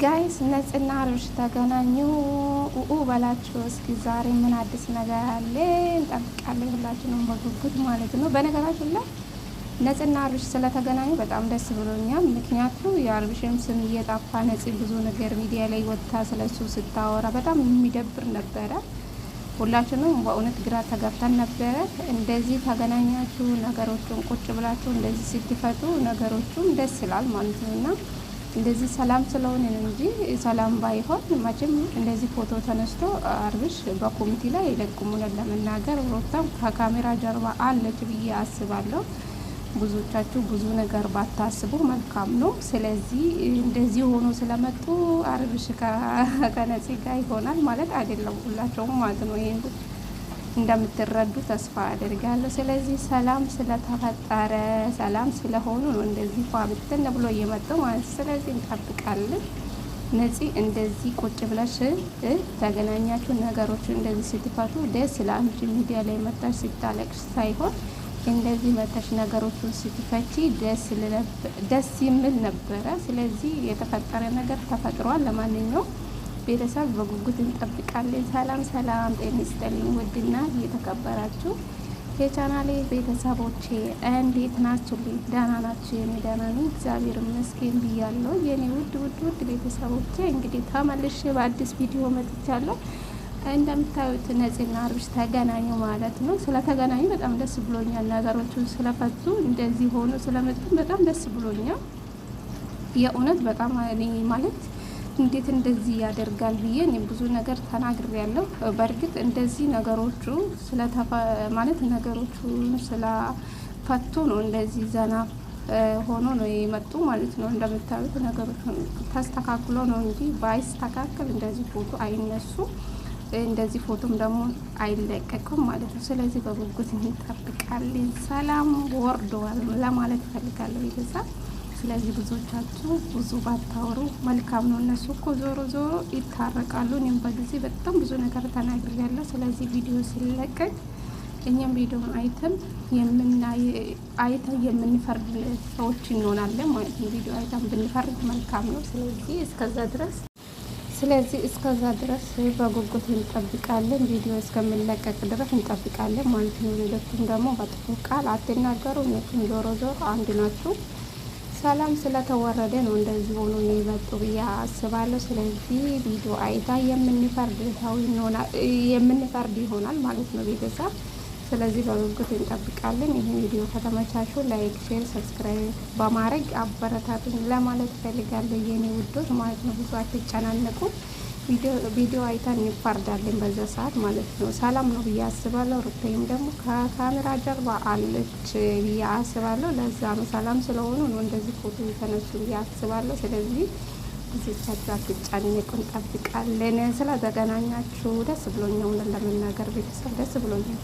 ጋይስ ነጽና አብርሽ ተገናኙ። ኡኡ በላችሁ እስኪ ዛሬ ምን አዲስ ነገር አለ እንጠብቃለን፣ ሁላችንም በጉጉት ማለት ነው። በነገራችን ላይ ነጽና አብርሽ ስለተገናኙ በጣም ደስ ብሎኛል። ምክንያቱ የአብርሽም ስም እየጠፋ ነጽ ብዙ ነገር ሚዲያ ላይ ወጥታ ስለሱ ስታወራ በጣም የሚደብር ነበረ። ሁላችንም በእውነት ግራ ተጋብተን ነበረ። እንደዚህ ተገናኛችሁ ነገሮቹን ቁጭ ብላችሁ እንደዚህ ስትፈቱ ነገሮቹም ደስ ይላል ማለት ነው እና እንደዚህ ሰላም ስለሆነ ነው እንጂ ሰላም ባይሆን መቼም እንደዚህ ፎቶ ተነስቶ አብርሽ በኮሚቴ ላይ ይለቁሙን ለመናገር ሮታም ከካሜራ ጀርባ አለች ብዬ አስባለሁ። ብዙዎቻችሁ ብዙ ነገር ባታስቡ መልካም ነው። ስለዚህ እንደዚህ ሆኖ ስለመጡ አብርሽ ከነፂ ጋር ይሆናል ማለት አይደለም፣ ሁላቸውም ማለት ነው ይሄን እንደምትረዱ ተስፋ አድርጋለሁ። ስለዚህ ሰላም ስለተፈጠረ ሰላም ስለሆኑ ነው እንደዚህ ፏ ብትን ብሎ እየመጣው ማለት ስለዚህ እንጠብቃለን። ነፂ እንደዚህ ቁጭ ብለሽ ተገናኛችሁ ነገሮችን እንደዚህ ስትፈቱ ደስ ይላል ሚዲያ ላይ መጣሽ ስታለቅሽ ሳይሆን እንደዚህ መተሽ ነገሮቹን ስትፈቺ ደስ ይምል ነበረ። ስለዚህ የተፈጠረ ነገር ተፈጥሯል። ለማንኛውም ቤተሰብ በጉጉት እንጠብቃለን። ሰላም ሰላም፣ ጤና ይስጥልኝ ውድና እየተከበራችሁ የቻናሌ ቤተሰቦቼ እንዴት ናችሁ? ደህና ናችሁ? የሚደህና እግዚአብሔር ይመስገን ብያለሁ። የኔ ውድ ውድ ውድ ቤተሰቦቼ እንግዲህ ተመልሼ በአዲስ ቪዲዮ መጥቻለሁ። እንደምታዩት ነጽና አብርሽ ተገናኙ ማለት ነው። ስለተገናኙ በጣም ደስ ብሎኛል። ነገሮቹ ስለፈቱ እንደዚህ ሆኖ ስለመጡ በጣም ደስ ብሎኛል። የእውነት በጣም ማለት እንዴት እንደዚህ ያደርጋል ብዬ እኔም ብዙ ነገር ተናግሬያለሁ። በእርግጥ እንደዚህ ነገሮቹ ስለተፈ ማለት ነገሮቹ ስለፈቱ ነው እንደዚህ ዘና ሆኖ ነው የመጡ ማለት ነው። እንደምታዩት ነገሮች ተስተካክሎ ነው እንጂ ባይስተካከል እንደዚህ ፎቶ አይነሱ እንደዚህ ፎቶም ደግሞ አይለቀቅም ማለት ነው። ስለዚህ በጉጉት እንጠብቃለን። ሰላም ወርደዋል ለማለት እፈልጋለሁ ቤተሰብ ስለዚህ ብዙዎቻችሁ ብዙ ባታወሩ መልካም ነው። እነሱ እኮ ዞሮ ዞሮ ይታረቃሉ። እኔም በጊዜ በጣም ብዙ ነገር ተናግሬያለሁ። ስለዚህ ቪዲዮ ሲለቀቅ እኛም ቪዲዮን አይተን አይተን የምንፈርድ ሰዎች እንሆናለን ማለት ነው። ቪዲዮ አይተን ብንፈርድ መልካም ነው። ስለዚህ እስከዛ ድረስ ስለዚህ እስከዛ ድረስ በጉጉት እንጠብቃለን። ቪዲዮ እስከሚለቀቅ ድረስ እንጠብቃለን ማለት ነው። ሌሎቹም ደግሞ በጥሩ ቃል አትናገሩ። እነቱም ዞሮ ዞሮ አንድ ናችሁ። ሰላም ስለተወረደ ነው እንደዚህ ሆኖ የመጡ ብዬ አስባለሁ። ስለዚህ ቪዲዮ አይታ የምንፈርድ ይሆናል ማለት ነው ቤተሰብ። ስለዚህ በጉጉት እንጠብቃለን። ይህ ቪዲዮ ከተመቻችሁ ላይክ፣ ሼር፣ ሰብስክራይብ በማድረግ አበረታቱኝ ለማለት እፈልጋለሁ የኔ ውዶች ማለት ነው። ብዙ አትጨናነቁ። ቪዲዮ አይተን እንፋርዳለን በዛ ሰዓት ማለት ነው። ሰላም ነው ብዬ አስባለሁ። ሩታይም ደግሞ ከካሜራ ጀርባ አለች ብዬ አስባለሁ። ለዛ ነው ሰላም ስለሆኑ ነው እንደዚህ ፎቶ የተነሱ ብዬ አስባለሁ። ስለዚህ ጊዜቻችሁ አትጨነቁን፣ እንጠብቃለን። ስለተገናኛችሁ ደስ ብሎኛል። ለመናገር ቤተሰብ ደስ ብሎኛል።